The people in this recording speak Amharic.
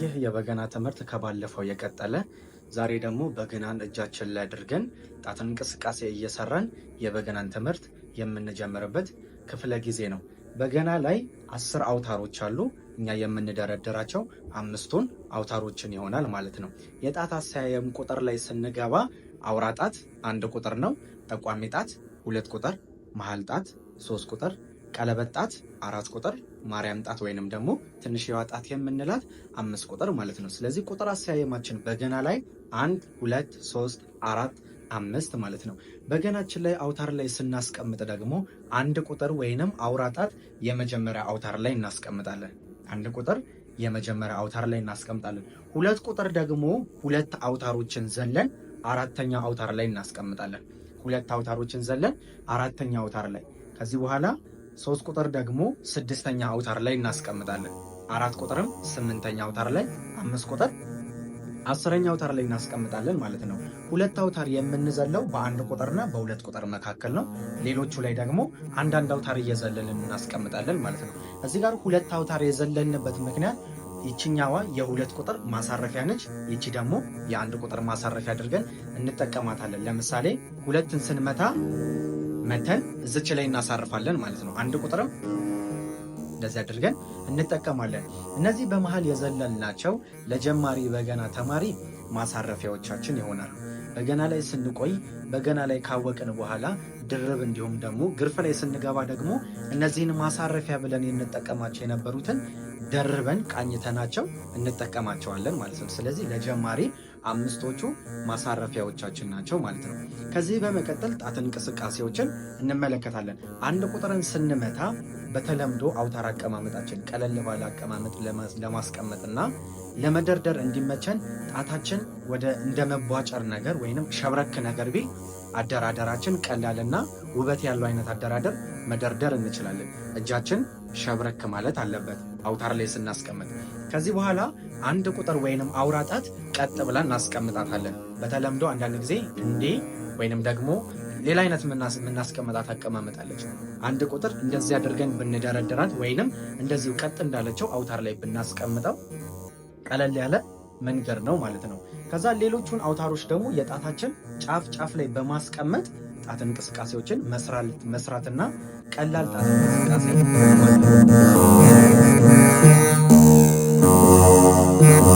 ይህ የበገና ትምህርት ከባለፈው የቀጠለ ዛሬ ደግሞ በገናን እጃችን ላይ አድርገን ጣትን እንቅስቃሴ እየሰራን የበገናን ትምህርት የምንጀምርበት ክፍለ ጊዜ ነው። በገና ላይ አስር አውታሮች አሉ። እኛ የምንደረደራቸው አምስቱን አውታሮችን ይሆናል ማለት ነው። የጣት አሰያየም ቁጥር ላይ ስንገባ አውራ ጣት አንድ ቁጥር ነው። ጠቋሚ ጣት ሁለት ቁጥር፣ መሀል ጣት ሶስት ቁጥር ቀለበት ጣት አራት ቁጥር ማርያም ጣት ወይንም ደግሞ ትንሽ የዋ ጣት የምንላት አምስት ቁጥር ማለት ነው። ስለዚህ ቁጥር አሰያየማችን በገና ላይ አንድ ሁለት ሶስት አራት አምስት ማለት ነው። በገናችን ላይ አውታር ላይ ስናስቀምጥ ደግሞ አንድ ቁጥር ወይንም አውራ ጣት የመጀመሪያ አውታር ላይ እናስቀምጣለን። አንድ ቁጥር የመጀመሪያ አውታር ላይ እናስቀምጣለን። ሁለት ቁጥር ደግሞ ሁለት አውታሮችን ዘለን አራተኛ አውታር ላይ እናስቀምጣለን። ሁለት አውታሮችን ዘለን አራተኛ አውታር ላይ ከዚህ በኋላ ሶስት ቁጥር ደግሞ ስድስተኛ አውታር ላይ እናስቀምጣለን። አራት ቁጥርም ስምንተኛ አውታር ላይ፣ አምስት ቁጥር አስረኛ አውታር ላይ እናስቀምጣለን ማለት ነው። ሁለት አውታር የምንዘለው በአንድ ቁጥርና በሁለት ቁጥር መካከል ነው። ሌሎቹ ላይ ደግሞ አንዳንድ አውታር እየዘለልን እናስቀምጣለን ማለት ነው። እዚህ ጋር ሁለት አውታር የዘለልንበት ምክንያት ይችኛዋ የሁለት ቁጥር ማሳረፊያ ነች። ይቺ ደግሞ የአንድ ቁጥር ማሳረፊያ አድርገን እንጠቀማታለን። ለምሳሌ ሁለትን ስንመታ መተን እዝች ላይ እናሳርፋለን ማለት ነው። አንድ ቁጥርም እንደዚህ አድርገን እንጠቀማለን። እነዚህ በመሃል የዘለልናቸው ለጀማሪ በገና ተማሪ ማሳረፊያዎቻችን ይሆናሉ። በገና ላይ ስንቆይ በገና ላይ ካወቅን በኋላ ድርብ እንዲሁም ደግሞ ግርፍ ላይ ስንገባ ደግሞ እነዚህን ማሳረፊያ ብለን የምንጠቀማቸው የነበሩትን ደርበን ቃኝተናቸው እንጠቀማቸዋለን ማለት ነው። ስለዚህ ለጀማሪ አምስቶቹ ማሳረፊያዎቻችን ናቸው ማለት ነው። ከዚህ በመቀጠል ጣት እንቅስቃሴዎችን እንመለከታለን። አንድ ቁጥርን ስንመታ በተለምዶ አውታር አቀማመጣችን ቀለል ባለ አቀማመጥ ለማስቀመጥና ለመደርደር እንዲመቸን ጣታችን ወደ እንደ መቧጨር ነገር ወይንም ሸብረክ ነገር ቢል አደራደራችን ቀላልና ውበት ያለው አይነት አደራደር መደርደር እንችላለን። እጃችን ሸብረክ ማለት አለበት። አውታር ላይ ስናስቀምጥ ከዚህ በኋላ አንድ ቁጥር ወይንም አውራ ጣት ቀጥ ብላ እናስቀምጣታለን። በተለምዶ አንዳንድ ጊዜ እንዴ ወይንም ደግሞ ሌላ አይነት የምናስቀምጣት አቀማመጣለች። አንድ ቁጥር እንደዚህ አድርገን ብንደረድራት ወይንም እንደዚሁ ቀጥ እንዳለችው አውታር ላይ ብናስቀምጠው ቀለል ያለ መንገድ ነው ማለት ነው። ከዛ ሌሎቹን አውታሮች ደግሞ የጣታችን ጫፍ ጫፍ ላይ በማስቀመጥ ጣት እንቅስቃሴዎችን መስራትና ቀላል ጣት እንቅስቃሴ